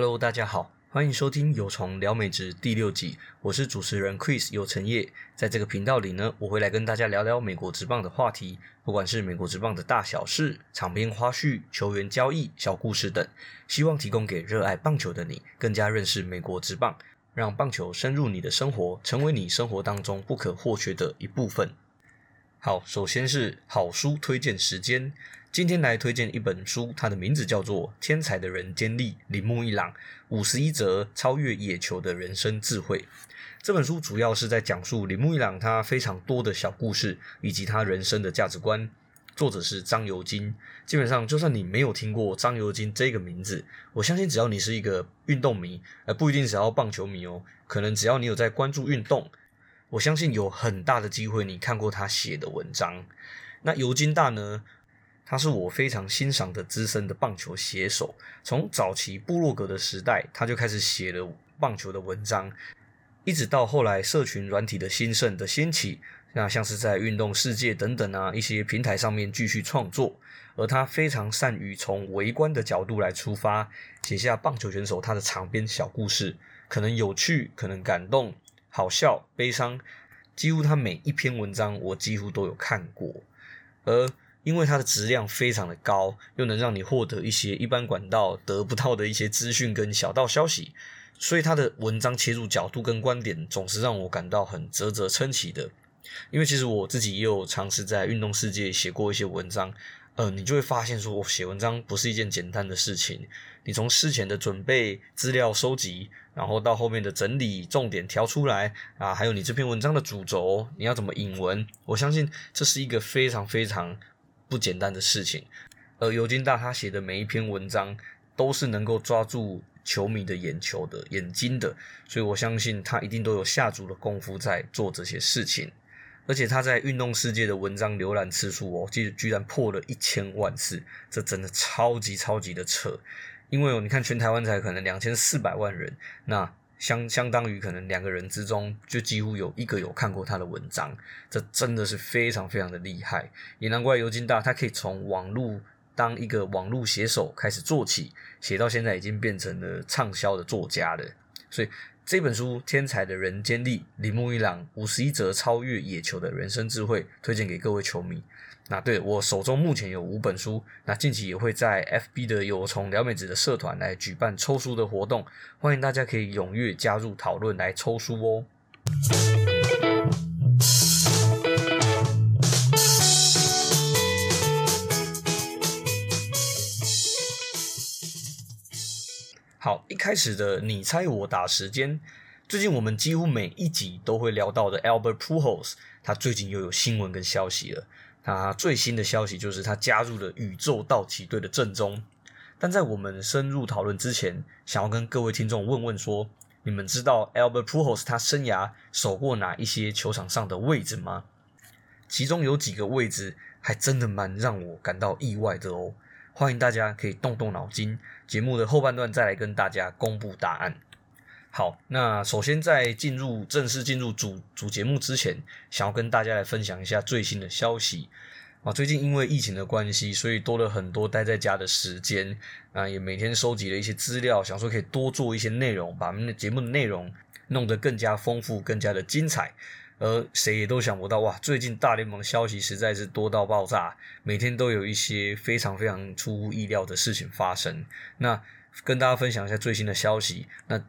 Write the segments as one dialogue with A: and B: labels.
A: Hello，大家好，歡迎收聽《有蟲聊美職》第六集，我是主持人 Chris 有成業。在這個頻道裡呢，我會來跟大家聊聊美國職棒的話題，不管是美國職棒的大小事、場邊花絮、球員交易、小故事等，希望提供給熱愛棒球的你，更加認識美國職棒，讓棒球深入你的生活，成為你生活當中不可或缺的一部分。好，首先是好書推薦時間。今天來推薦一本書，它的名字叫做《天才的人間力》鈴木一郎五十一則超越野球的人生智慧。這本書主要是在講述鈴木一郎他非常多的小故事以及他人生的價值觀。作者是張尤金。基本上，就算你沒有聽過張尤金這個名字，我相信只要你是一個運動迷，而不一定只要棒球迷哦，可能只要你有在關注運動，我相信有很大的機會你看過他寫的文章。那尤金大呢？他是我非常欣賞的資深的棒球寫手，從早期部落格的時代，他就開始寫了棒球的文章，一直到後來社群軟體的興盛的興起，那像是在運動世界等等啊一些平台上面繼續創作，而他非常善於從微觀的角度來出發，寫下棒球選手他的場邊小故事，可能有趣，可能感動，好笑，悲傷，幾乎他每一篇文章我幾乎都有看過，而。因為它的質量非常的高，又能讓你獲得一些一般管道得不到的一些資訊跟小道消息，所以它的文章切入角度跟觀點總是讓我感到很嘖嘖稱奇的。因為其實我自己也有嘗試在運動世界寫過一些文章，呃，你就會發現說，我寫文章不是一件簡單的事情。你從事前的準備、資料收集，然後到後面的整理、重點挑出來啊，還有你這篇文章的主軸，你要怎麼引文？我相信這是一個非常非常。不簡單的事情，而、呃、尤金大他寫的每一篇文章都是能夠抓住球迷的眼球的眼睛的，所以我相信他一定都有下足的功夫在做這些事情，而且他在運動世界的文章瀏覽次數哦，其實居然破了一千萬次，這真的超級超級的扯，因為你看全台灣才可能兩千四百萬人，那。相相當於可能兩個人之中就幾乎有一個有看過他的文章，這真的是非常非常的厲害，也難怪尤金大他可以從網路當一個網路寫手開始做起，寫到現在已經變成了暢銷的作家了。所以這本書《天才的人間力》鈴木一朗五十一則超越野球的人生智慧，推薦給各位球迷。那對，我手中目前有五本書，那近期也會在 FB 的有從撩妹子的社團來舉辦抽書的活動，歡迎大家可以踴躍加入討論來抽書哦。好，一開始的你猜我打時間，最近我們幾乎每一集都會聊到的 Albert Pujols，他最近又有新聞跟消息了。啊，最新的消息就是他加入了宇宙道奇隊的陣中。但在我們深入討論之前，想要跟各位聽眾問問說，你們知道 Albert Pujols 他生涯守過哪一些球場上的位置嗎？其中有幾個位置還真的蠻讓我感到意外的哦。歡迎大家可以動動腦筋，節目的後半段再來跟大家公布答案。好，那首先在進入正式進入主主節目之前，想要跟大家來分享一下最新的消息啊。最近因為疫情的關係，所以多了很多待在家的時間啊，也每天收集了一些資料，想說可以多做一些內容，把我們的節目的內容弄得更加豐富、更加的精彩。而誰也都想不到，哇，最近大聯盟消息實在是多到爆炸，每天都有一些非常非常出乎意料的事情發生。那跟大家分享一下最新的消息，那。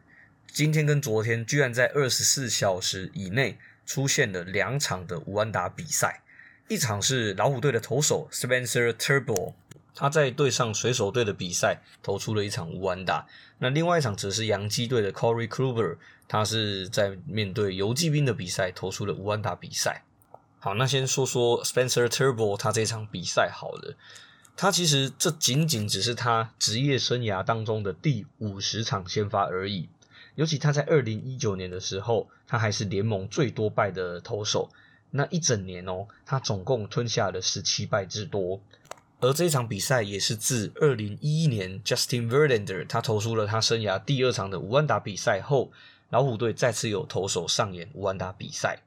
A: 今天跟昨天，居然在二十四小時以內出現了兩場的無安打比賽。一場是老虎隊的投手 Spencer Turnbull，他在對上水手隊的比賽投出了一場無安打。那另外一場則是洋基隊的 Corey Kluber，他是在面對遊騎兵的比賽投出了無安打比賽。好，那先說說 Spencer Turnbull 他這場比賽好了，他其實這僅僅只是他職業生涯當中的第五十場先發而已。尤其他在二零一九年的時候，他還是聯盟最多敗的投手。那一整年哦，他總共吞下了十七敗之多。而這場比賽也是自二零一一年 Justin Verlander 他投出了他生涯第二場的無安打比賽後，老虎隊再次有投手上演無安打比賽。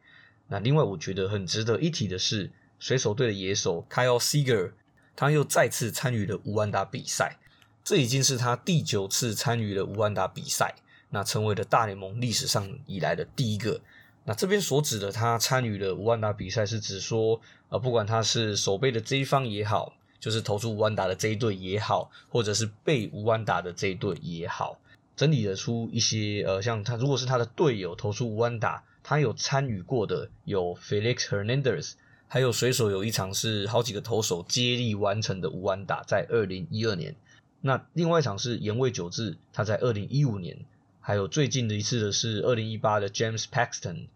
A: 那另外我覺得很值得一提的是，水手隊的野手 Kyle Seager 他又再次參與了無安打比賽，這已經是他第九次參與了無安打比賽。那成為了大聯盟歷史上以來的第一個。那這邊所指的他參與的無安打比賽，是指說，呃，不管他是守備的這一方也好，就是投出無安打的這一隊也好，或者是被無安打的這一隊也好，整理得出一些，呃，像他如果是他的隊友投出無安打，他有參與過的有 Felix Hernandez，還有水手有一場是好幾個投手接力完成的無安打，在二零一二年。那另外一場是岩隈久志，他在二零一五年。還有最近的一次的是二零一八的 James Paxton，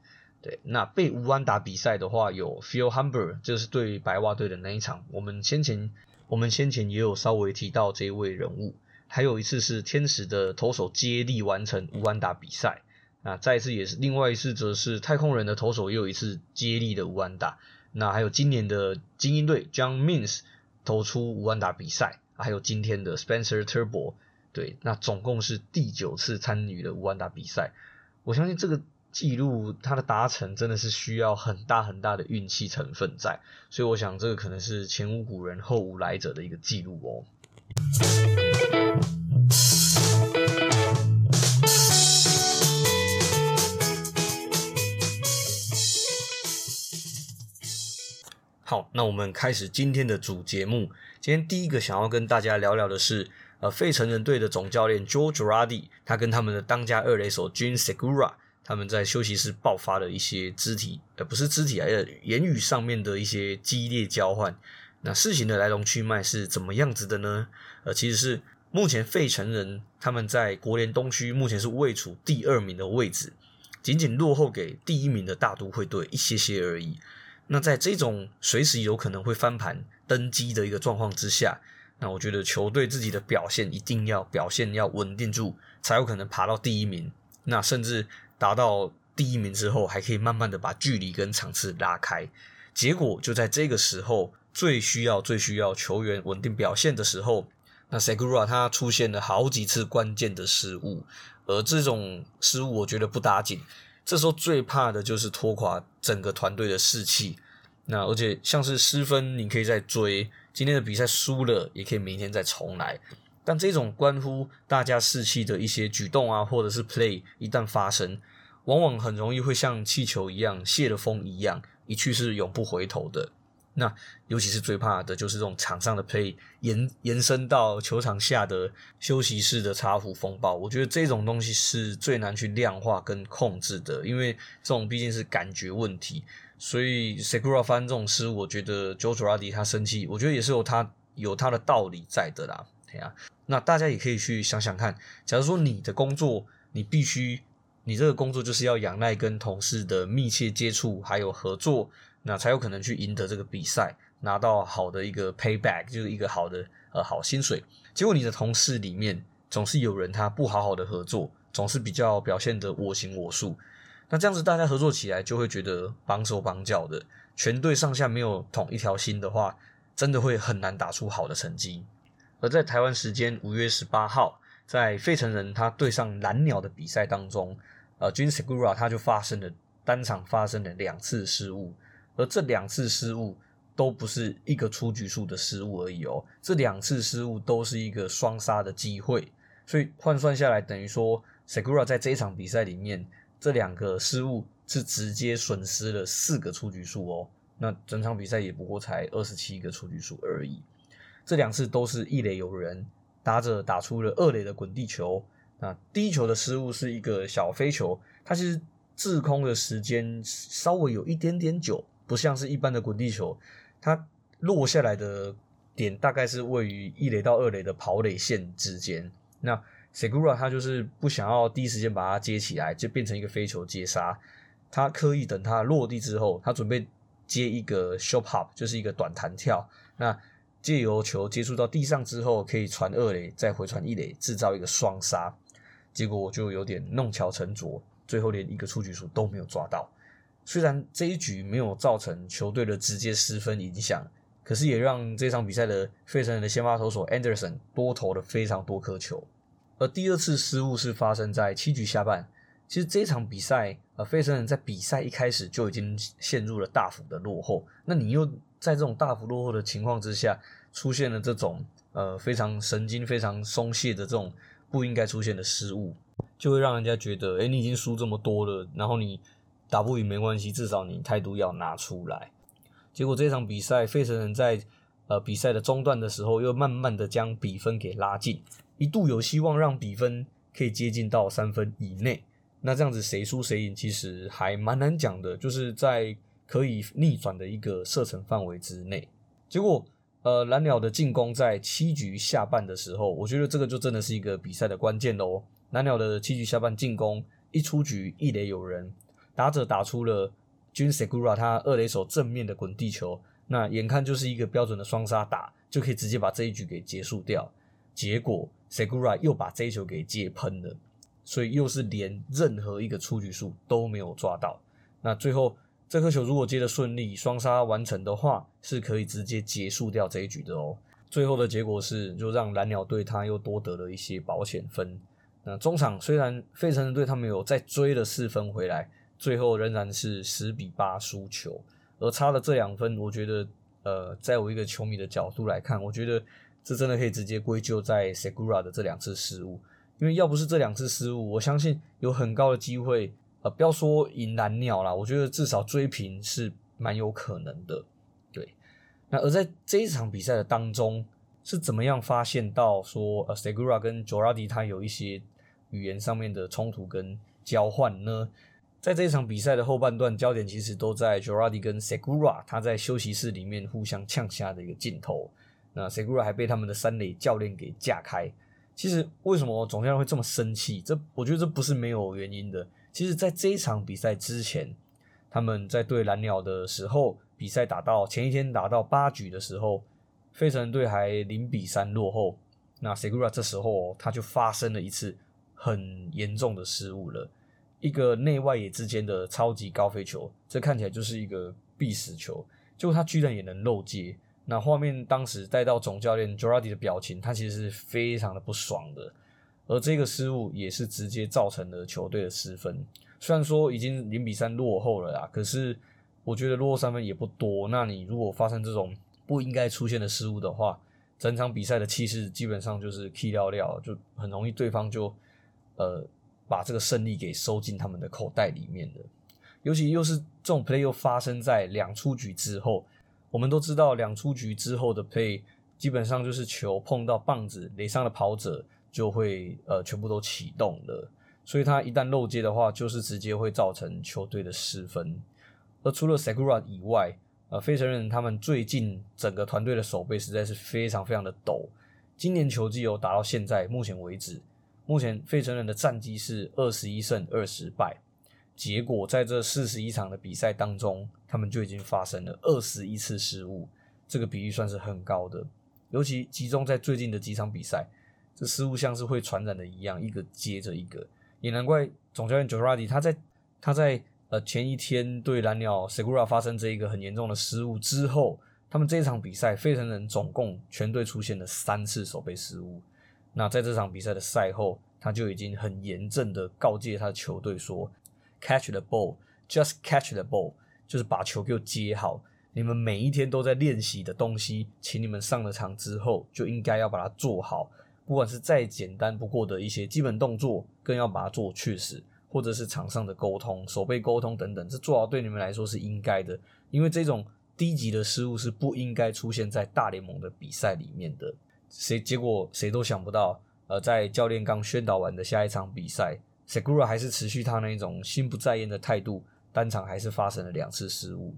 A: 對，那被無安打比賽的話有 Phil Humber，就是對白襪隊的那一場。我們先前我們先前也有稍微提到這一位人物。還有一次是天使的投手接力完成無安打比賽。那再一次也是另外一次則是太空人的投手又有一次接力的無安打。那還有今年的金鶯隊 John Means 投出無安打比賽，還有今天的 Spencer Turnbull。對，那總共是第九次參與了無安打比賽，我相信這個記錄它的達成真的是需要很大很大的運氣成分在，所以我想這個可能是前無古人後無來者的一個記錄哦。好，那我們開始今天的主節目。今天第一個想要跟大家聊聊的是。呃，費城人隊的總教練 Joe Girardi 他跟他們的當家二壘手 Jean Segura，他們在休息室爆發了一些肢體，呃，不是肢體，呃，言語上面的一些激烈交換。那事情的來龍去脈是怎麼樣子的呢？呃，其實是目前費城人他們在國聯東區目前是位處第二名的位置，僅僅落後給第一名的大都會隊一些些而已。那在這種隨時有可能會翻盤登基的一個狀況之下。那我覺得球隊自己的表現一定要表現要穩定住，才有可能爬到第一名。那甚至達到第一名之後，還可以慢慢的把距離跟場次拉開。結果就在這個時候，最需要最需要球員穩定表現的時候，那 Segura 他出現了好幾次關鍵的失誤。而這種失誤我覺得不打緊，這時候最怕的就是拖垮整個團隊的士氣。那而且像是失分，你可以再追；今天的比賽輸了，也可以明天再重來。但這種關乎大家士氣的一些舉動啊，或者是 play，一旦發生，往往很容易會像氣球一樣泄了風一樣，一去是永不回頭的。那尤其是最怕的就是這種場上的 play，延延伸到球場下的休息室的茶壺風暴，我覺得這種東西是最難去量化跟控制的，因為這種畢竟是感覺問題。所以 Segura 翻這種事，我覺得 Joe Girardi 他生氣，我覺得也是有他有他的道理在的啦。對啊。那大家也可以去想想看，假如說你的工作，你必須你這個工作就是要仰賴跟同事的密切接觸還有合作，那才有可能去贏得這個比賽，拿到好的一個 payback，就是一個好的呃好薪水。結果你的同事裡面總是有人他不好好的合作，總是比較表現得我行我素。那這樣子大家合作起來就會覺得綁手綁腳的，全隊上下沒有同一條心的話，真的會很難打出好的成績。而在台灣時間五月十八號，在費城人他對上藍鳥的比賽當中，呃，Jean Segura 他就發生了單場發生了兩次失誤。而這兩次失誤都不是一個出局數的失誤而已哦，喔，這兩次失誤都是一個雙殺的機會，所以換算下來等於說，Segura 在這一場比賽裡面，這兩個失誤是直接損失了四個出局數哦。那整場比賽也不過才二十七個出局數而已，這兩次都是一壘有人，打着打出了二壘的滾地球。那第一球的失誤是一個小飛球，它其實滯空的時間稍微有一點點久。不像是一般的滾地球，它落下來的點大概是位於一壘到二壘的跑壘線之間。那 Segura 他就是不想要第一時間把它接起來，就變成一個飛球接殺。他刻意等它落地之後，他準備接一個 short hop，就是一個短彈跳。那借由球接觸到地上之後，可以傳二壘，再回傳一壘，製造一個雙殺。結果我就有點弄巧成拙，最後連一個出局數都沒有抓到。雖然這一局沒有造成球隊的直接失分影響，可是也讓這場比賽的費城人的先發投手 Anderson 多投了非常多顆球。而第二次失誤是發生在七局下半。其實這場比賽，呃，費城人在比賽一開始就已經陷入了大幅的落後。那你又在這種大幅落後的情況之下，出現了這種呃非常神經、非常鬆懈的這種不應該出現的失誤，就會讓人家覺得，哎，你已經輸這麼多了，然後你。打不贏沒關係，至少你態度要拿出來。結果這場比賽，費城人在呃比賽的中段的時候，又慢慢的將比分給拉近，一度有希望讓比分可以接近到三分以內。那這樣子誰輸誰贏其實還蠻難講的，就是在可以逆轉的一個射程範圍之內。結果呃藍鳥的進攻在七局下半的時候，我覺得這個就真的是一個比賽的關鍵嘍。藍鳥的七局下半進攻一出局一壘有人。打者打出了 Jean Segura 他二壘手正面的滾地球，那眼看就是一個標準的雙殺打，就可以直接把這一局給結束掉。結果 Segura 又把這一球給接噴了，所以又是連任何一個出局數都沒有抓到。那最後這顆球如果接得順利，雙殺完成的話，是可以直接結束掉這一局的哦。最後的結果是，就讓藍鳥隊他又多得了一些保險分。那中場雖然費城人隊他們有再追了四分回來。最後仍然是十比八輸球，而差了這兩分，我覺得，呃，在我一個球迷的角度來看，我覺得這真的可以直接歸咎在 Segura 的這兩次失誤，因為要不是這兩次失誤，我相信有很高的機會，呃，不要說贏藍鳥啦，我覺得至少追平是蠻有可能的，對。那而在這一場比賽的當中，是怎麼樣發現到說，呃，Segura 跟 Girardi 他有一些語言上面的衝突跟交換呢？在這一場比賽的後半段，焦點其實都在 Girardi 跟 Segura，他在休息室裡面互相嗆下的一個鏡頭。那 Segura 還被他們的三壘教練給架開。其實為什麼總教練會這麼生氣？這我覺得這不是沒有原因的。其實，在這一場比賽之前，他們在對藍鳥的時候，比賽打到前一天打到八局的時候，費城隊還零比三落後。那 Segura 這時候他就發生了一次很嚴重的失誤了。一個內外野之間的超級高飛球，這看起來就是一個必死球，結果他居然也能漏接。那畫面當時帶到總教練 j r 迪 d 的表情，他其實是非常的不爽的。而這個失誤也是直接造成了球隊的失分。雖然說已經零比三落後了啦，可是我覺得落後三分也不多。那你如果發生這種不應該出現的失誤的話，整場比賽的氣勢基本上就是 k 掉掉，就很容易對方就呃。把這個勝利給收進他們的口袋裡面的，尤其又是這種 play 又發生在兩出局之後，我們都知道兩出局之後的 play 基本上就是球碰到棒子，壘上的跑者就會呃全部都啟動了，所以他一旦漏接的話，就是直接會造成球隊的失分。而除了 Segura 以外，呃，非承認他們最近整個團隊的守備實在是非常非常的抖，今年球季有打到現在目前為止，目前費城人的戰績是二十一勝二十敗，結果在這四十一場的比賽當中，他們就已經發生了二十一次失誤，這個比例算是很高的，尤其集中在最近的幾場比賽，這失誤像是會傳染的一樣，一個接着一個，也難怪總教練 Girardi 他在他在呃前一天對藍鳥 Segura 發生這一個很嚴重的失誤之後，他們這一場比賽費城人總共全隊出現了三次守備失誤。那在這場比賽的賽後，他就已經很嚴正的告誡他的球隊說：“Catch the ball, just catch the ball，就是把球給我接好。你們每一天都在練習的東西，請你們上了場之後就應該要把它做好。不管是再簡單不過的一些基本動作，更要把它做確實，或者是場上的溝通、守備溝通等等，這做好對你們來說是應該的。因為這種低級的失誤是不應該出現在大聯盟的比賽裡面的。”誰結果誰都想不到，呃，在教練剛宣導完的下一場比賽，Segura 還是持續他那一種心不在焉的態度，單場還是發生了兩次失誤。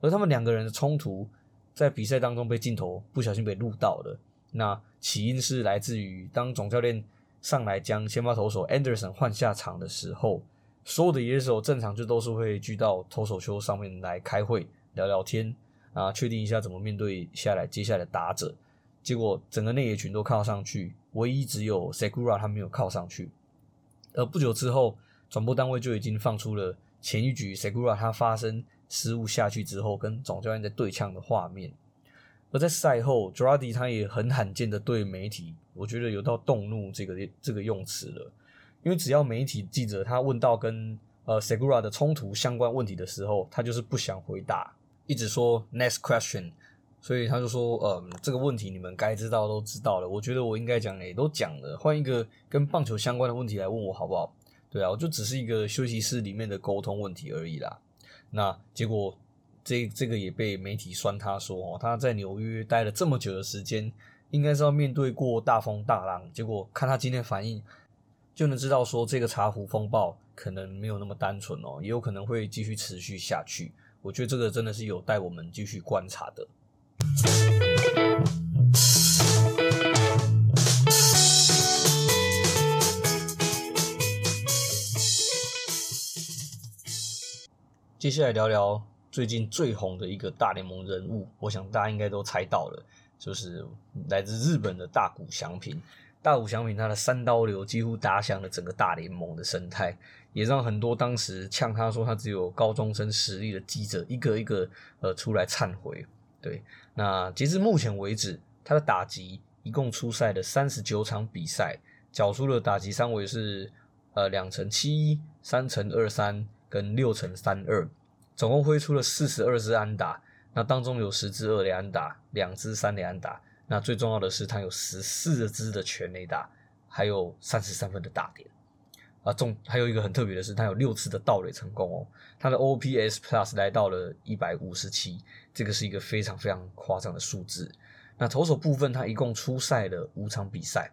A: 而他們兩個人的衝突在比賽當中被鏡頭不小心被錄到了。那起因是來自於當總教練上來將先發投手 Anderson 換下場的時候，所有的野手正常就都是會聚到投手丘上面來開會聊聊天啊，確定一下怎麼面對下來接下來的打者。結果整個內野群都靠上去，唯一只有 Segura 他沒有靠上去。而不久之後，轉播單位就已經放出了前一局 Segura 他發生失誤下去之後，跟總教練在對嗆的畫面。而在賽後，Girardi 他也很罕見的對媒體，我覺得有到動怒這個這個用詞了，因為只要媒體記者他問到跟呃 Segura 的衝突相關問題的時候，他就是不想回答，一直說 Next question。所以他就說，嗯，這個問題你們該知道都知道了。我覺得我應該講也都講了，換一個跟棒球相關的問題來問我好不好？對啊，我就只是一個休息室裡面的溝通問題而已啦。那結果這這個也被媒體酸他，哦，他說他在紐約待了這麼久的時間，應該是要面對過大風大浪。結果看他今天反應，就能知道說這個茶壺風暴可能沒有那麼單純哦，也有可能會繼續持續下去。我覺得這個真的是有待我們繼續觀察的。接下來聊聊最近最紅的一個大聯盟人物，我想大家應該都猜到了，就是來自日本的大谷翔平。大谷翔平他的三刀流幾乎打響了整個大聯盟的生態，也讓很多當時嗆他說他只有高中生實力的記者一個一個呃出來懺悔。對。那截至目前為止，他的打擊一共出賽了三十九場比賽，繳出，、呃、出了打擊三圍是呃兩成七一、三成二三跟六成三二，總共揮出了四十二支安打，那當中有十支二壘安打，兩支三壘安打，那最重要的是他有十四支的全壘打，還有三十三分的打點。啊，中還有一個很特別的是，他有六次的盜壘成功哦。他的 OPS Plus 來到了一百五十七，這個是一個非常非常誇張的數字。那投手部分，他一共出賽了五場比賽，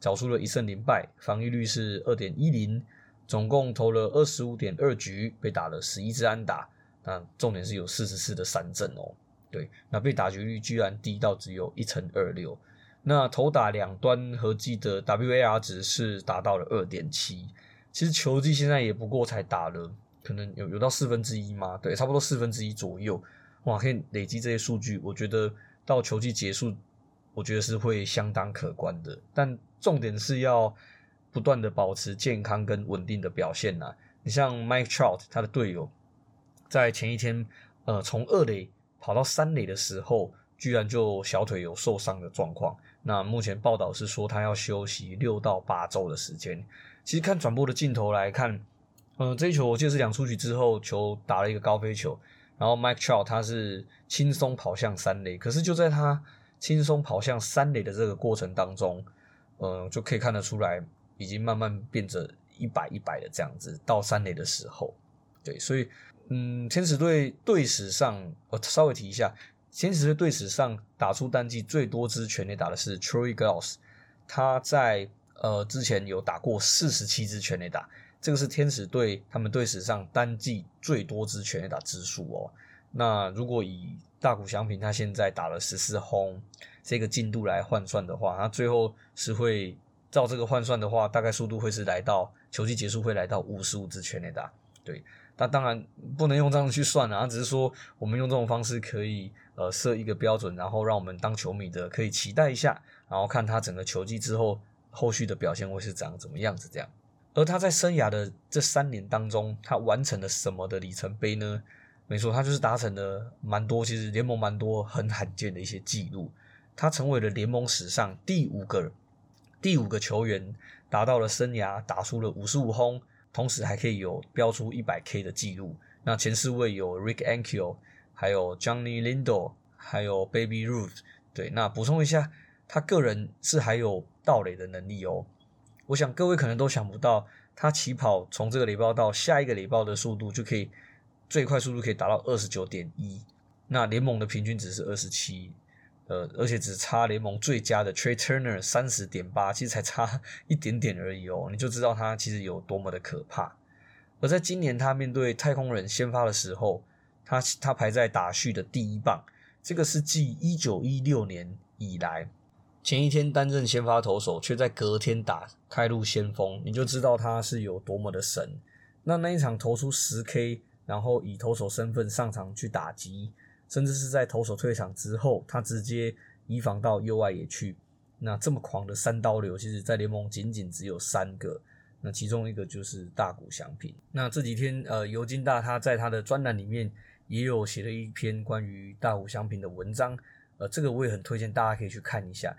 A: 找出了一勝零敗，防禦率是二點一零，總共投了二十五點二局，被打了十一次安打。那重點是有四十四的三振哦。對，那被打局率居然低到只有一成二六。那投打兩端合計的 WAR 值是達到了二點七。其實球季現在也不過才打了，可能有有到四分之一嗎？對，差不多四分之一左右。哇，可以累積這些數據，我覺得到球季結束，我覺得是會相當可觀的。但重點是要不斷的保持健康跟穩定的表現啊。你像 Mike Trout 他的隊友，在前一天呃從二壘跑到三壘的時候，居然就小腿有受傷的狀況。那目前報道是說他要休息六到八週的時間。其實看轉播的鏡頭來看，嗯，這一球我記得是兩出局之後，球打了一個高飛球，然後 Mike Trout 他是輕鬆跑向三壘，可是就在他輕鬆跑向三壘的這個過程當中，嗯，就可以看得出來，已經慢慢變成一百一百的這樣子到三壘的時候，對，所以，嗯，天使隊隊史上，我稍微提一下，天使隊隊史上打出單季最多支全壘打的是 Troy Glaus，他在。呃，之前有打過四十七支全壘打，這個是天使隊他們隊史上單季最多支全壘打之數哦。那如果以大谷翔平他現在打了十四轟這個進度來換算的話，他最後是會照這個換算的話，大概速度會是來到，球季結束會來到五十五支全壘打。對，那當然不能用這樣去算啊，只是說我們用這種方式可以呃設一個標準，然後讓我們當球迷的可以期待一下，然後看他整個球季之後。後續的表現會是長怎麼樣子？這樣，而他在生涯的這三年當中，他完成了什麼的里程碑呢？沒錯，他就是達成了蠻多，其實聯盟蠻多很罕見的一些記錄。他成為了聯盟史上第五個第五個球員，達到了生涯打出了五十五轟，同時還可以有標出一百 K 的記錄。那前四位有 Rick Ankiel，還有 Johnny Lindo，還有 Babe Ruth。對，那補充一下。他個人是還有盜壘的能力哦，我想各位可能都想不到，他起跑從這個壘包到下一個壘包的速度就可以，最快速度可以達到二十九點一，那聯盟的平均值是二十七，呃，而且只差聯盟最佳的 Trea Turner 三十點八，其實才差一點點而已哦，你就知道他其實有多麼的可怕。而在今年他面對太空人先發的時候，他他排在打序的第一棒，這個是繼一九一六年以來。前一天擔任先發投手，卻在隔天打開路先鋒，你就知道他是有多麼的神。那那一場投出十 K，然後以投手身份上場去打擊，甚至是在投手退場之後，他直接移防到右外野區。那這麼狂的三刀流，其實，在聯盟僅僅只有三個。那其中一個就是大谷翔平。那這幾天，呃，尤金大他在他的專欄裡面也有寫了一篇關於大谷翔平的文章，呃，這個我也很推薦大家可以去看一下。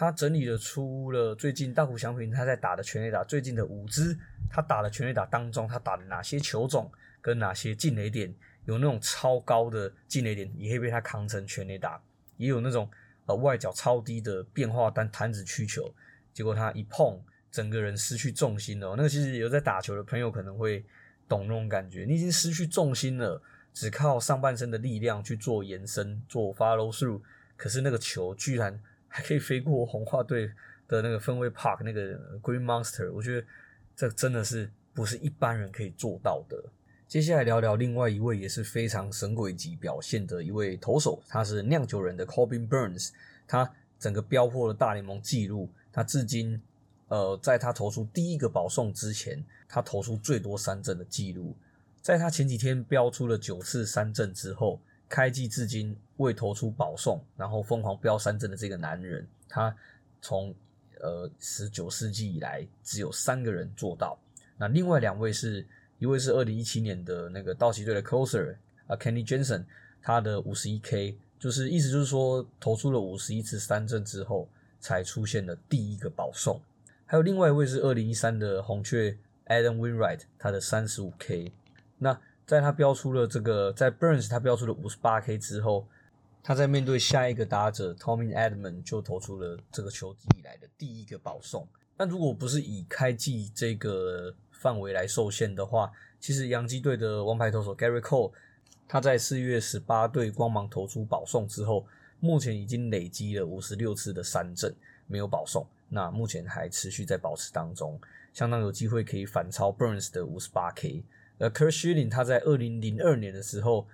A: 他整理了出了最近大谷翔平他在打的全壘打，最近的五支他打的全壘打當中，他打的哪些球種跟哪些進壘點，有那種超高的進壘點，也可以被他扛成全壘打，也有那種呃外角超低的變化，但彈指去球，結果他一碰，整個人失去重心了，哦。那個其實有在打球的朋友可能會懂那種感覺，你已經失去重心了，只靠上半身的力量去做延伸做 follow through，可是那個球居然。還可以飛過紅襪隊的那個芬威 park 那個 Green Monster，我覺得這真的是不是一般人可以做到的。接下來聊聊另外一位也是非常神鬼級表現的一位投手，他是釀酒人的 Corbin Burnes，他整個飆破了大聯盟紀錄，他至今呃在他投出第一個保送之前，他投出最多三振的紀錄，在他前幾天飆出了九次三振之後。開季至今未投出保送，然後瘋狂飆三振的這個男人，他從呃十九世紀以來只有三個人做到。那另外兩位是一位是二零一七年的那個道奇隊的 Closer 啊 Kenny Jensen，他的五十一 K，就是意思就是說，投出了五十一次三振之後才出現了第一個保送。還有另外一位是二零一三的紅雀 Adam Wainwright，他的三十五 K。那在他標出了這個，在 Burns 他標出了五十八 K 之後，他在面對下一個打者 Tommy Edman 就投出了這個球季以來的第一個保送。但如果不是以開季這個範圍來受限的話，其實洋基隊的王牌投手 Gary Cole 他在四月十八對光芒投出保送之後，目前已經累積了五十六次的三振，沒有保送，那目前還持續在保持當中，相當有機會可以反超 Burns 的五十八 K。呃 Curt Schilling 他在二零零二年的時候，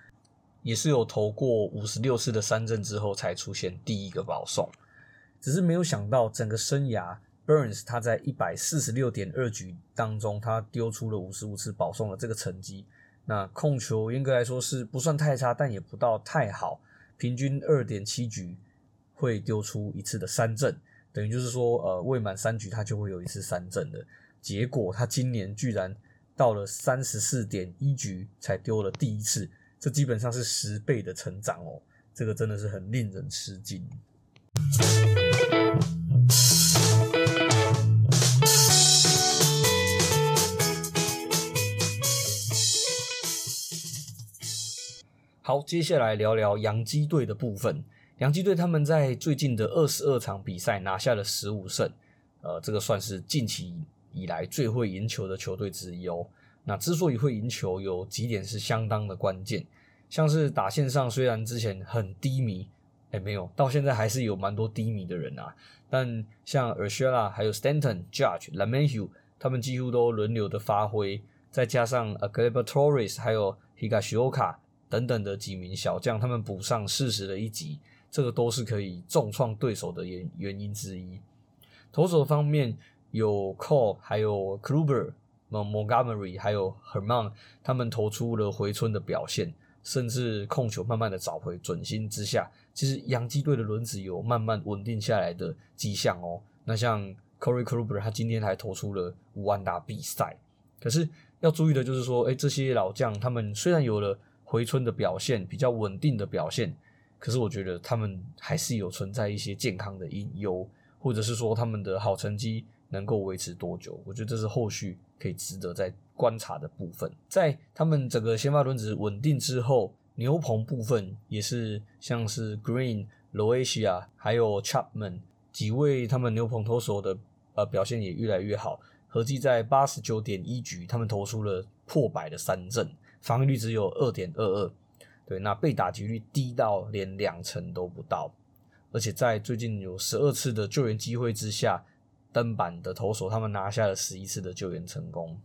A: 也是有投過五十六次的三振之後才出現第一個保送，只是沒有想到整個生涯 Burnes 他在一百四十六點二局當中，他丟出了五十五次保送的這個成績。那控球嚴格來說是不算太差，但也不到太好，平均二點七局會丟出一次的三振，等於就是說，呃，未滿三局他就會有一次三振的結果，他今年居然。到了三十四點一局才丟了第一次，這基本上是十倍的成長哦，這個真的是很令人吃驚。好，接下來聊聊洋基隊的部分。洋基隊他們在最近的二十二場比賽拿下了十五勝，呃，這個算是近期。以來最會贏球的球隊之一哦。那之所以會贏球，有幾點是相當的關鍵，像是打線上雖然之前很低迷，哎，沒有，到現在還是有蠻多低迷的人啊。但像 Urshela、還有 Stanton、Judge、LeMahieu，他們幾乎都輪流的發揮，再加上 Gleyber Torres 還有 Higashioka 等等的幾名小將，他們補上適時的一擊。這個都是可以重創對手的原原因之一。投手方面。有 Cole 還有 Kluber、Montgomery，還有 Herman，他們投出了回春的表現，甚至控球慢慢的找回準心之下，其實洋基隊的輪子有慢慢穩定下來的跡象哦。那像 Corey Kluber，他今天還投出了無安打比賽。可是要注意的就是說，哎、欸，這些老將他們雖然有了回春的表現，比較穩定的表現，可是我覺得他們還是有存在一些健康的隱憂，或者是說他們的好成績能夠維持多久？我覺得這是後續可以值得再觀察的部分。在他們整個先發輪值穩定之後，牛棚部分也是像是 Green、Loáisiga 還有 Chapman 幾位他們牛棚投手的呃表現也越來越好。合計在八十九點一局，他們投出了破百的三振，防御率只有二點二二。對，那被打擊率低到連兩成都不到，而且在最近有十二次的救援機會之下。登板的投手，他們拿下了十一次的救援成功。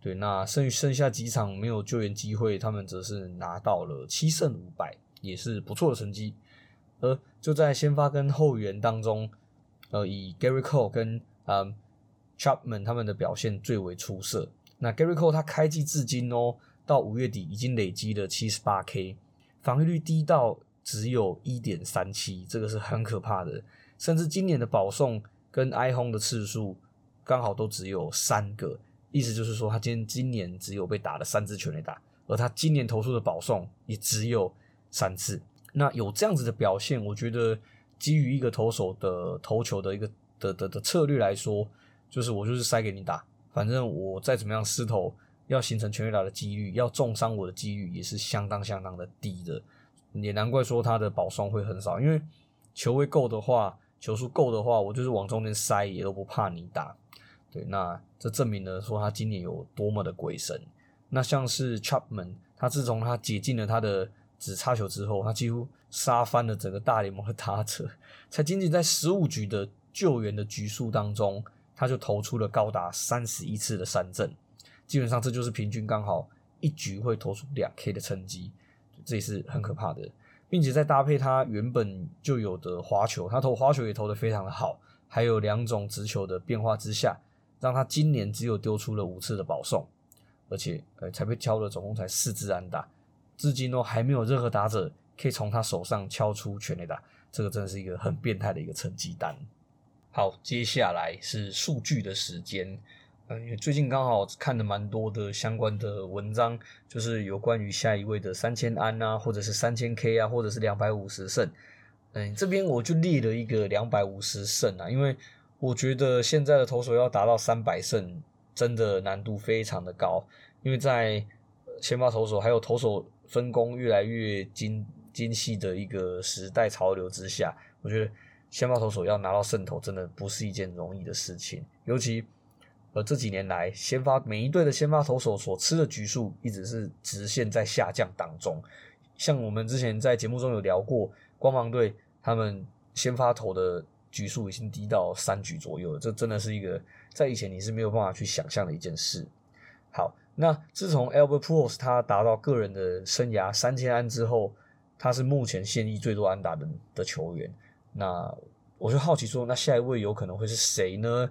A: 對，那剩剩下幾場沒有救援機會，他們則是拿到了七勝五敗，也是不錯的成績。而就在先發跟後援當中，呃，以 Gary Cole 跟呃 Chapman 他們的表現最為出色。那 Gary Cole 他開季至今哦，到五月底已經累積了七十八 K，防禦率低到只有一點三七，這個是很可怕的。甚至今年的保送。跟挨轟的次數剛好都只有三個，意思就是說他今今年只有被打了三支全壘打，而他今年投出的保送也只有三次。那有這樣子的表現，我覺得基於一個投手的投球的一個的的的，的策略來說，就是我就是塞給你打，反正我再怎麼樣失投，要形成全壘打的幾率，要重傷我的幾率也是相當相當的低的，也難怪說他的保送會很少，因為球位夠的話。球速夠的話，我就是往中間塞也都不怕你打。對，那這證明了說他今年有多麼的鬼神。那像是 Chapman，他自從他解禁了他的指叉球之後，他幾乎殺翻了整個大聯盟的打者，才僅僅在十五局的救援的局數當中，他就投出了高達三十一次的三振，基本上這就是平均剛好一局會投出兩 K 的成績，這也是很可怕的。並且再搭配他原本就有的滑球，他投滑球也投得非常的好，還有兩種直球的變化之下，讓他今年只有丟出了五次的保送，而且呃、欸、才被敲了總共才四次安打，至今都、哦、還沒有任何打者可以從他手上敲出全壘打，這個真的是一個很變態的一個成績單。好，接下來是數據的時間。嗯，最近剛好看的蠻多的相關的文章，就是有關於下一位的三千安吶，或者是三千 K 啊，或者是兩百五十勝。嗯、哎，這邊我就立了一個兩百五十勝啊，因為我覺得現在的投手要達到三百勝，真的難度非常的高。因為在先發投手還有投手分工越來越精精細的一個時代潮流之下，我覺得先發投手要拿到勝投，真的不是一件容易的事情，尤其。而這幾年來，先發每一隊的先發投手所吃的局數，一直是直線在下降當中。像我們之前在節目中有聊過，光芒隊他們先發投的局數已經低到三局左右了，這真的是一個在以前你是沒有辦法去想象的一件事。好，那自從 Albert Pujols 他達到個人的生涯三千安之後，他是目前現役最多安打的的球員。那我就好奇說，那下一位有可能會是誰呢？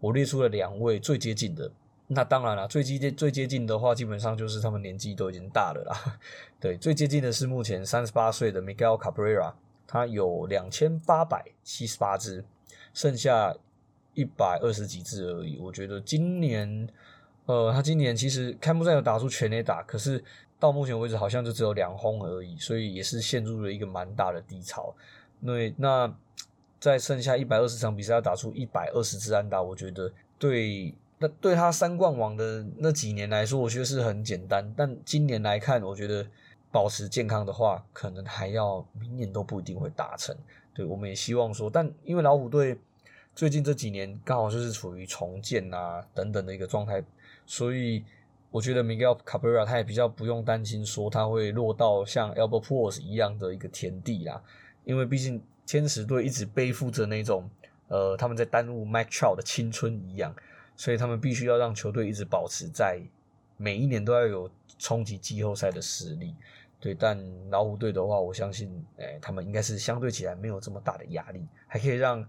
A: 我列出了兩位最接近的，那當然了，最接近最接近的話，基本上就是他們年紀都已經大了啦。對，最接近的是目前三十八歲的 Miguel Cabrera，他有兩千八百七十八支，剩下一百二十幾支而已。我覺得今年，呃，他今年其實開幕戰有打出全壘打，可是到目前為止好像就只有兩轟而已，所以也是陷入了一個蠻大的低潮。那。在剩下一百二十場比賽要打出一百二十支安打，我覺得對，那對他三冠王的那幾年來說，我覺得是很簡單。但今年來看，我覺得保持健康的話，可能還要明年都不一定會達成。對，我們也希望說，但因為老虎隊最近這幾年剛好就是處於重建啊等等的一個狀態，所以我覺得 Miguel Cabrera 他也比較不用擔心說他會落到像 Albert Pujols 一樣的一個田地啦，因為畢竟。天使隊一直背負着那種，呃，他們在耽誤 Mike Trout 的青春一樣，所以他們必須要讓球隊一直保持在每一年都要有衝擊季後賽的實力。對，但老虎隊的話，我相信，誒、欸、他們應該是相對起來沒有這麼大的壓力，還可以讓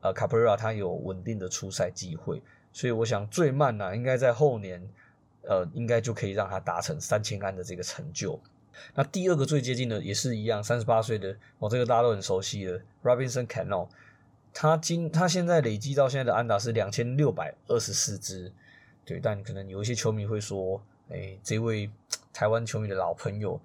A: 呃卡普瑞拉，他有穩定的出賽機會。所以我想，最慢呢、啊，應該在後年，呃，應該就可以讓他達成三千安的這個成就。那第二個最接近的也是一樣，三十八歲的哦，這個大家都很熟悉的 Robinson Cano，他今他現在累積到現在的安打是兩千六百二十四支，對。但可能有一些球迷會說，哎、欸，這位台灣球迷的老朋友，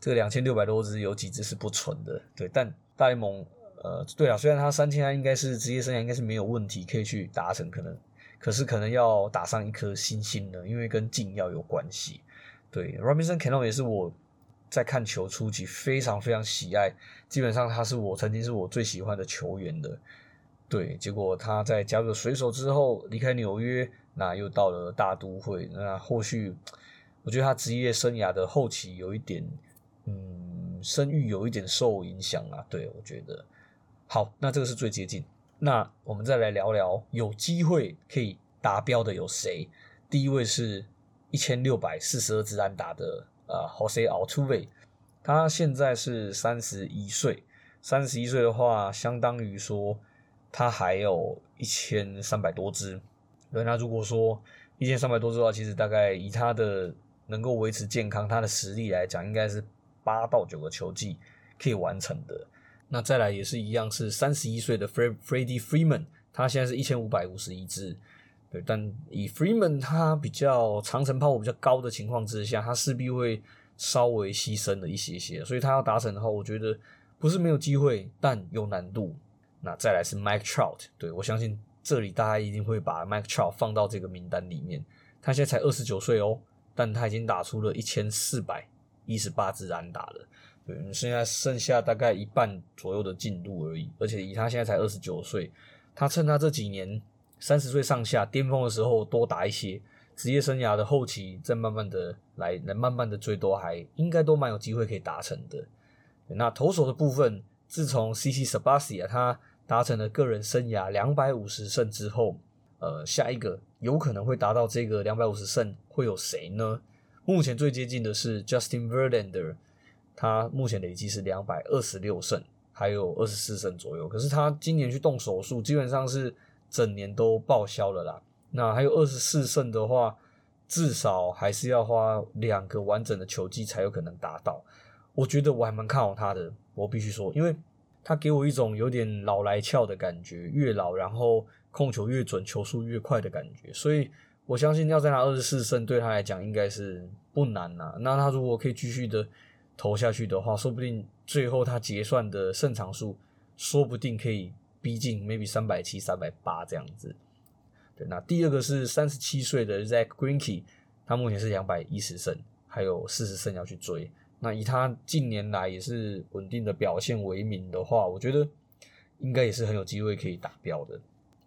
A: 這個兩千六百多支有幾支是不純的？對，但大聯盟，呃，對啊，雖然他三千安應該是職業生涯應該是沒有問題可以去達成，可能可是可能要打上一顆星星呢，因為跟禁藥有關係。對，Robinson Cano 也是我。在看球初期非常非常喜愛，基本上他是我曾經是我最喜歡的球員的，對。結果他在加入了水手之後離開紐約，那又到了大都會。那後續我覺得他職業生涯的後期有一點，嗯，聲譽有一點受影響啊。對，我覺得。好，那這個是最接近。那我們再來聊聊有機會可以達標的有誰？第一位是一千六百四十二支安打的。呃，Jose Altuve，他現在是三十一歲，三十一歲的話，相當於說他還有一千三百多支。那他如果說一千三百多支的話，其實大概以他的能夠維持健康，他的實力來講，應該是八到九個球季可以完成的。那再來也是一樣，是三十一歲的 Fred, Freddie Freeman，他現在是一千五百五十一支。對，但以 Freeman 他比較長程炮比較高的情況之下，他勢必會稍微犧牲了一些些，所以他要達成的話，我覺得不是沒有機會，但有難度。那再來是 Mike Trout，對，我相信這裡大家一定會把 Mike Trout 放到這個名單裡面。他現在才二十九歲哦，但他已經打出了一千四百一十八支安打了，對，現在剩，剩下大概一半左右的進度而已。而且以他現在才二十九歲，他趁他這幾年。三十歲上下巔峰的時候多打一些，職業生涯的後期再慢慢的來，來慢慢的追，多還應該都蠻有機會可以達成的。那投手的部分，自從 CC Sabathia 他達成了個人生涯兩百五十勝之後，呃，下一個有可能會達到這個兩百五十勝會有誰呢？目前最接近的是 Justin Verlander，他目前累計是兩百二十六勝，還有二十四勝左右。可是他今年去動手術，基本上是。整年都報銷了啦。那還有二十四勝的話，至少還是要花兩個完整的球季才有可能達到。我覺得我還蠻看好他的，我必須說，因為他給我一種有點老來俏的感覺，越老然後控球越準，球速越快的感覺。所以我相信，要在他二十四勝對他來講應該是不難吶。那他如果可以繼續的投下去的話，說不定最後他結算的勝場數說不定可以，逼近，maybe 三百七、三百八這樣子。對，那第二個是三十七歲的 Zack Greinke，他目前是兩百一十勝，還有四十勝要去追。那以他近年來也是穩定的表現為名的話，我覺得應該也是很有機會可以達標的。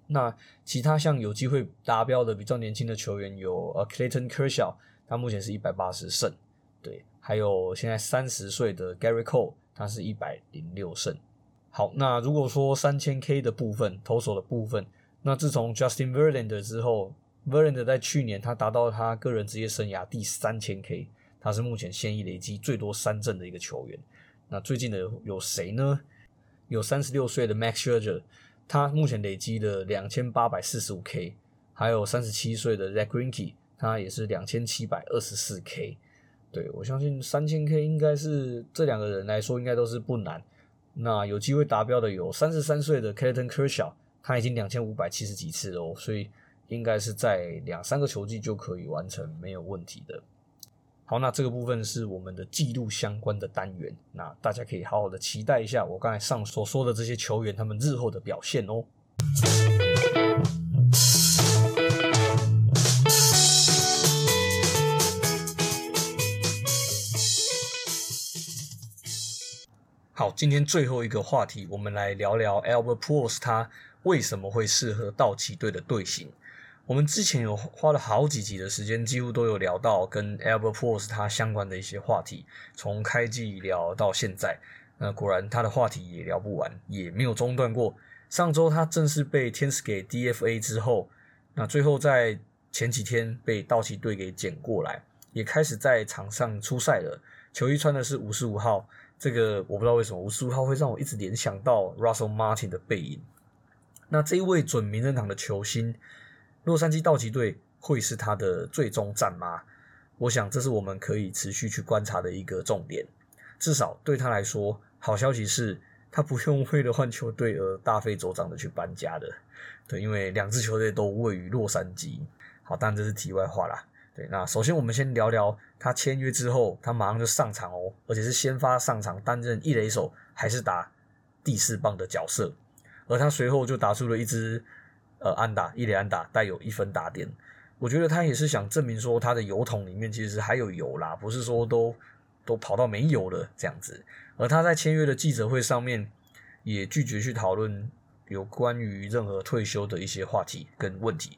A: 那其他像有機會達標的比較年輕的球員有呃 Clayton Kershaw，他目前是一百八十勝，對，還有現在三十歲的 Gerrit Cole，他是一百零六勝。好，那如果說三千 K 的部分，投手的部分，那自從 Justin Verlander 之後，Verlander 在去年他達到他個人職業生涯第三千 K，他是目前現役累積最多三振的一個球員。那最近的有誰呢？有三十六歲的 Max Scherzer，他目前累積了兩千八百四十五 K，還有三十七歲的 Zach Greinke，他也是兩千七百二十四 K。對，我相信三千 K 應該是這兩個人來說應該都是不難。那有機會達標的有三十三歲的 Clayton Kershaw，他已經兩千五百七十幾次了哦，所以應該是在兩三個球季就可以完成，沒有問題的。好，那這個部分是我們的記錄相關的單元，那大家可以好好的期待一下我剛才上所說的這些球員他們日後的表現哦。 好，今天最後一個話題，我們來聊聊 Albert Pujols 他為什麼會適合道奇隊的隊形？我們之前有花了好幾集的時間，幾乎都有聊到跟 Albert Pujols 他相關的一些話題，從開季聊到現在，那果然他的話題也聊不完，也沒有中斷過。上周他正式被天使給 DFA 之後，那最後在前幾天被道奇隊給撿過來，也開始在場上出賽了，球衣穿的是五十五號。這個我不知道為什麼，五十五號會讓我一直聯想到 Russell Martin 的背影。那這一位準名人堂的球星，洛杉磯道奇隊會是他的最終戰嗎？我想，這是我們可以持續去觀察的一個重點。至少對他來說，好消息是他不用為了換球隊而大費周章的去搬家的。對，因為兩支球隊都位於洛杉磯。好，當然這是題外話啦。對，那首先我們先聊聊他簽約之後，他馬上就上場哦，而且是先發上場擔任一壘手，還是打第四棒的角色。而他隨後就打出了一支呃安打，一壘安打帶有一分打點。我覺得他也是想證明說他的油桶裡面其實還有油啦，不是說都都跑到沒油了這樣子。而他在簽約的記者會上面也拒絕去討論有關於任何退休的一些話題跟問題。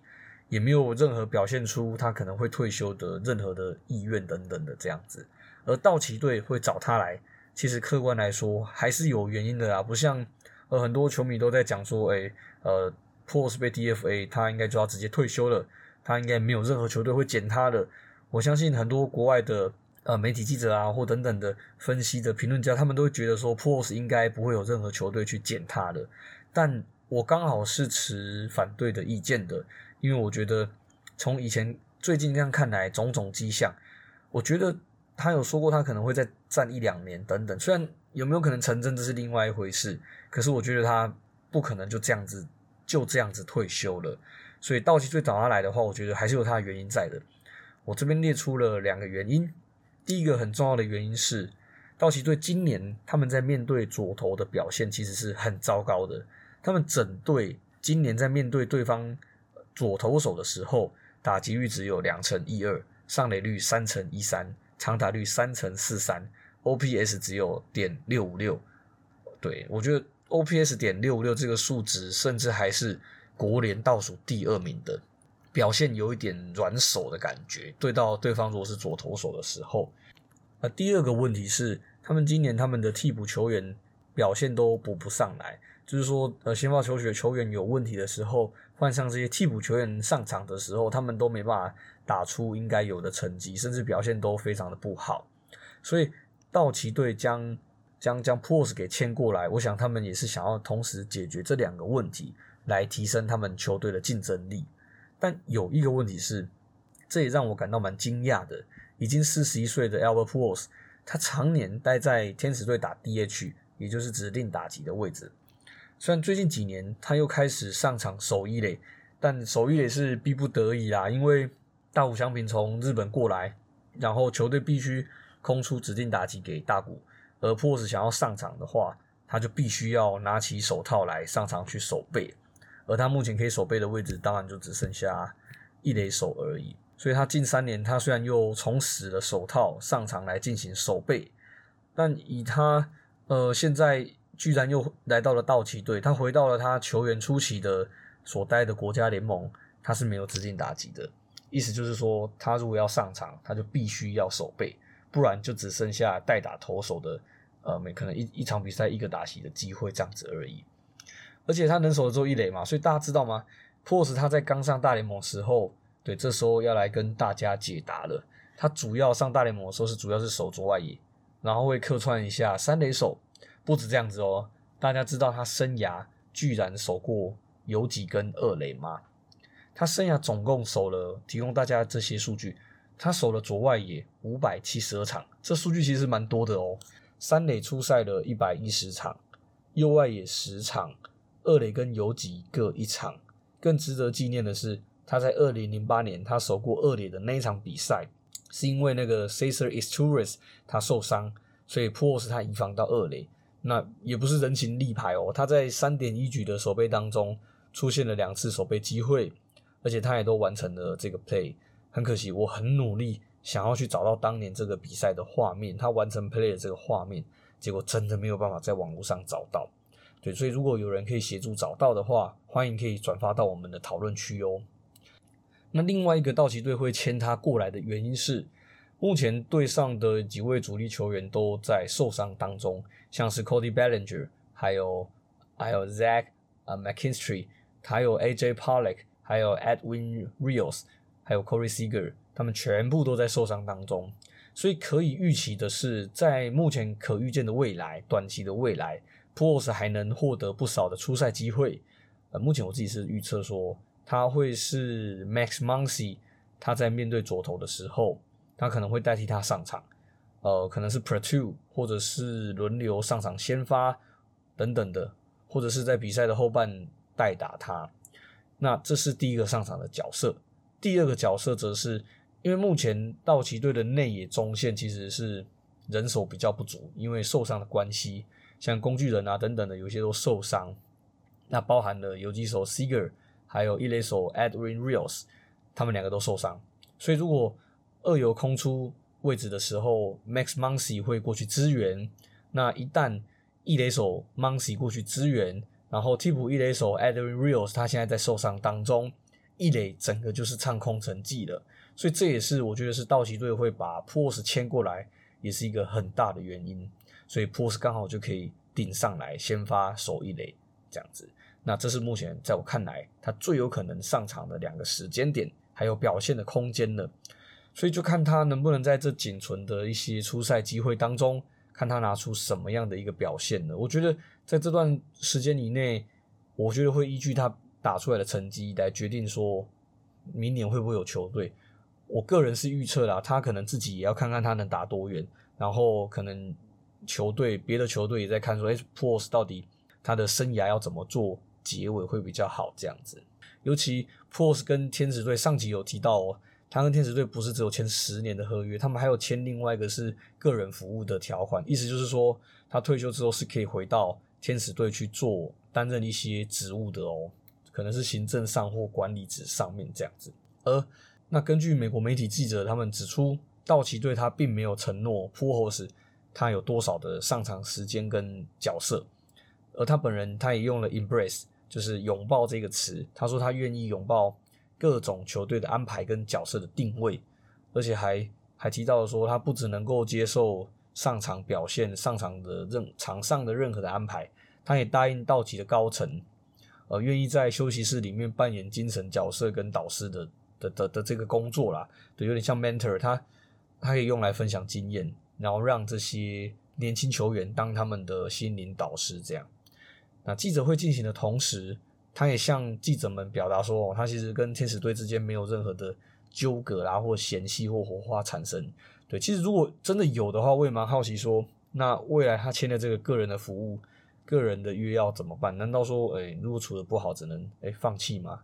A: 也沒有任何表現出他可能會退休的任何的意願等等的這樣子，而道奇隊會找他來，其實客觀來說還是有原因的啦，不像呃很多球迷都在講說，誒、欸，呃 Pujols 被 DFA，他應該就要直接退休了，他應該沒有任何球隊會撿他的。我相信很多國外的呃媒體記者啊或等等的分析的評論家，他們都會覺得說 Pujols 應該不會有任何球隊去撿他的，但我剛好是持反對的意見的。因為我覺得，從以前最近這樣看來，種種跡象，我覺得他有說過他可能會再戰一兩年等等。雖然有沒有可能成真，這是另外一回事，可是我覺得他不可能就這樣子就這樣子退休了。所以，道奇隊找他來的話，我覺得還是有他的原因在的。我這邊列出了兩個原因，第一個很重要的原因是，道奇隊今年他們在面對左投的表現其實是很糟糕的。他們整隊今年在面對對方。左投手的時候，打擊率只有兩成一二，上壘率三成一三，長打率三成四三，OPS 只有點六五六。對，我覺得 OPS 點六五六這個數值，甚至還是國聯倒數第二名的表現，有一點軟手的感覺。對到對方如果是左投手的時候，那，呃，第二個問題是，他們今年他們的替補球員表現都補不上來，就是說，呃，先發球員球員有問題的時候。換上這些替補球員上場的時候，他們都沒辦法打出應該有的成績，甚至表現都非常的不好。所以，道奇隊將將將 Pujols 給簽過來，我想他們也是想要同時解決這兩個問題，來提升他們球隊的競爭力。但有一個問題是，這也讓我感到蠻驚訝的。已經四十一歲的 Albert Pujols，他常年待在天使隊打 DH，也就是指定打擊的位置。雖然最近幾年他又開始上場守一壘，但守一壘是逼不得已啦，因為大谷翔平從日本過來，然後球隊必須空出指定打擊給大谷，而 Pujols 想要上場的話，他就必須要拿起手套來上場去守備，而他目前可以守備的位置當然就只剩下一壘手而已，所以他近三年他雖然又重拾了手套上場來進行守備，但以他呃現在。居然又來到了道奇隊，他回到了他球員初期的所待的國家聯盟，他是沒有指定打擊的，意思就是說，他如果要上場，他就必須要守備，不然就只剩下代打投手的，呃，每可能一一場比賽一個打席的機會這樣子而已。而且他能守的只有一壘嘛，所以大家知道嗎？Pujols 他在剛上大聯盟的時候，對，這時候要來跟大家解答了，他主要上大聯盟的時候是主要是守左外野，然後會客串一下三壘手。不止這樣子哦，大家知道他生涯居然守過遊擊跟二壘嗎？他生涯總共守了，提供大家這些數據，他守了左外野五百七十二場，這數據其實蠻多的哦。三壘出賽了一百一十場，右外野十場，二壘跟游擊各一場。更值得紀念的是，他在二零零八年他守過二壘的那一場比賽，是因為那個 Cesar Izturis 他受傷，所以 Pujols 他移防到二壘。那也不是人情立牌哦，他在三點一局的守備當中出現了兩次守備機會，而且他也都完成了這個 play。很可惜，我很努力想要去找到當年這個比賽的畫面，他完成 play 的這個畫面，結果真的沒有辦法在網絡上找到。對，所以如果有人可以協助找到的話，歡迎可以轉發到我們的討論區哦。那另外一個道奇隊會簽他過來的原因是。目前隊上的幾位主力球員都在受傷當中，像是 Cody Bellinger，還有還有 Zach 啊 McKinstry，還有 AJ Pollock，還有 Edwin Rios，還有 Corey Seager，他們全部都在受傷當中。所以可以預期的是，在目前可預見的未來，短期的未來，Pujols 還能獲得不少的出賽機會。呃，目前我自己是預測說，他會是 Max Muncy，他在面對左投的時候，他可能會代替他上場，呃，可能是 platoon 或者是輪流上場先發等等的，或者是在比賽的後半代打他。那這是第一個上場的角色。第二個角色則，則是因為目前道奇隊的內野中線其實是人手比較不足，因為受傷的關係，像工具人啊等等的有些都受傷。那包含了游擊手 Seager，還有一壘手 Edwin Rios，他們兩個都受傷，所以如果。二遊空出位置的時候，Max Muncy 會過去支援。那一旦一壘手 Muncy 過去支援，然後替補一壘手 Adrian Rios 他現在在受傷當中，一壘整個就是唱空城計了。所以這也是我覺得是道奇隊會把 Pujols 簽過來，也是一個很大的原因。所以 Pujols 剛好就可以頂上來先發守一壘這樣子。那這是目前在我看來，他最有可能上場的兩個時間點，還有表現的空間呢。所以就看他能不能在這僅存的一些出賽機會當中，看他拿出什麼樣的一個表現呢？我覺得在這段時間以內，我覺得會依據他打出來的成績來決定，說明年會不會有球隊。我個人是預測啦，他可能自己也要看看他能打多遠，然後可能球隊別的球隊也在看說，誒，Pujols 到底他的生涯要怎麼做，結尾會比較好這樣子。尤其 Pujols 跟天使隊上集有提到哦、喔。他跟天使隊不是只有簽十年的合約，他們還有簽另外一個是個人服務的條款，意思就是說他退休之後是可以回到天使隊去做擔任一些職務的哦，可能是行政上或管理職上面這樣子。而那根據美國媒體記者他們指出，道奇對他並沒有承諾，季後賽他有多少的上場時間跟角色，而他本人他也用了 embrace，就是擁抱這個詞，他說他願意擁抱。各種球隊的安排跟角色的定位，而且還還提到說，他不只能夠接受上場表現，上場的任場上的任何的安排，他也答應道奇的高層，呃，願意在休息室裡面扮演精神角色跟導師的的的的的這個工作啦，對，有點像 mentor，他他可以用來分享經驗，然後讓這些年輕球員當他們的心靈導師這樣。那記者會進行的同時。他也向記者們表達說，他其實跟天使隊之間沒有任何的糾葛啦、啊，或嫌隙或火花產生。對，其實如果真的有的話，我也蠻好奇說，那未來他簽的這個個人的服務、個人的約要怎麼辦？難道說，哎、欸，如果處得不好，只能哎、欸、放棄嗎？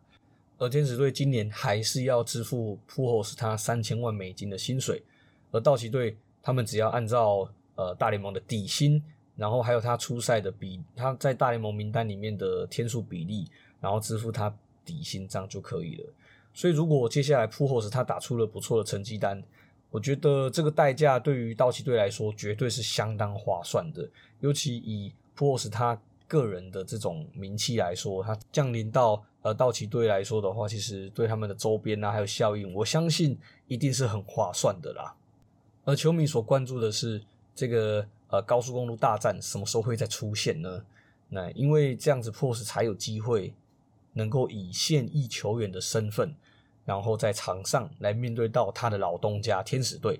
A: 而天使隊今年還是要支付普厚斯他三千萬美金的薪水，而道奇隊他們只要按照呃大聯盟的底薪，然後還有他出賽的比他在大聯盟名單裡面的天數比例。然後支付他底薪，這樣就可以了。所以，如果接下來 Pujols 他打出了不錯的成績單，我覺得這個代價對於道奇隊來說絕對是相當划算的。尤其以 Pujols 他個人的這種名氣來說，他降臨到呃道奇隊來說的話，其實對他們的周邊啊還有效應，我相信一定是很划算的啦。而球迷所關注的是這個呃高速公路大戰什麼時候會再出現呢？那因為這樣子 Pujols 才有機會。能夠以現役球員的身份，然後在場上來面對到他的老東家天使隊。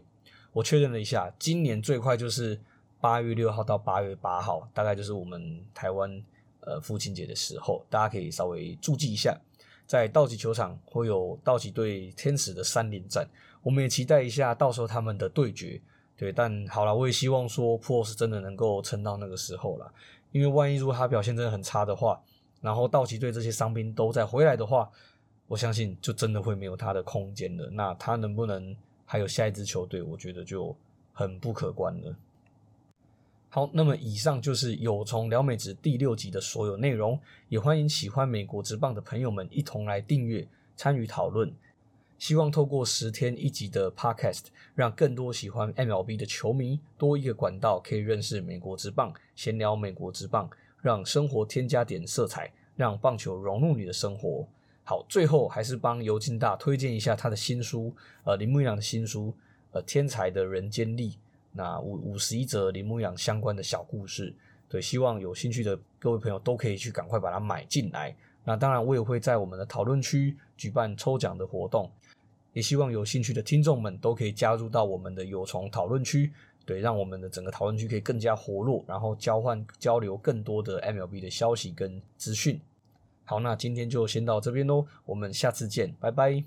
A: 我確認了一下，今年最快就是八月六號到八月八號，大概就是我們台灣呃父親節的時候，大家可以稍微注記一下，在道奇球場會有道奇隊天使的三連戰。我們也期待一下到時候他們的對決。對，但好啦，我也希望說 Pujols 真的能夠撐到那個時候啦，因為萬一如果他表現真的很差的話。然後，道奇隊這些傷兵都再回來的話，我相信就真的會沒有他的空間了。那他能不能還有下一支球隊？我覺得就很不可觀了。好，那麼以上就是尤金閒聊美職第六集的所有內容，也歡迎喜歡美國職棒的朋友們一同來訂閱、參與討論。希望透過十天一集的 Podcast，讓更多喜歡 MLB 的球迷多一個管道，可以認識美國職棒、閒聊美國職棒。讓生活添加點色彩，讓棒球融入你的生活。好，最後還是幫尤金大推薦一下他的新書，呃，鈴木一朗的新書，呃，《天才的人間力》，那五五十一則鈴木一朗相關的小故事。對，希望有興趣的各位朋友都可以去趕快把它買進來。那當然，我也會在我們的討論區舉辦抽獎的活動，也希望有興趣的聽眾們都可以加入到我們的有從討論區。對，讓我們的整個討論區可以更加活絡，然後交換、交流更多的 MLB 的消息跟資訊。好，那今天就先到這邊嘍，我們下次見，拜拜。